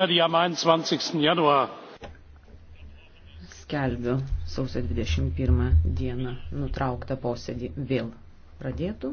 Skelbiu sausio 21 dieną nutrauktą posėdį vėl pradėtų.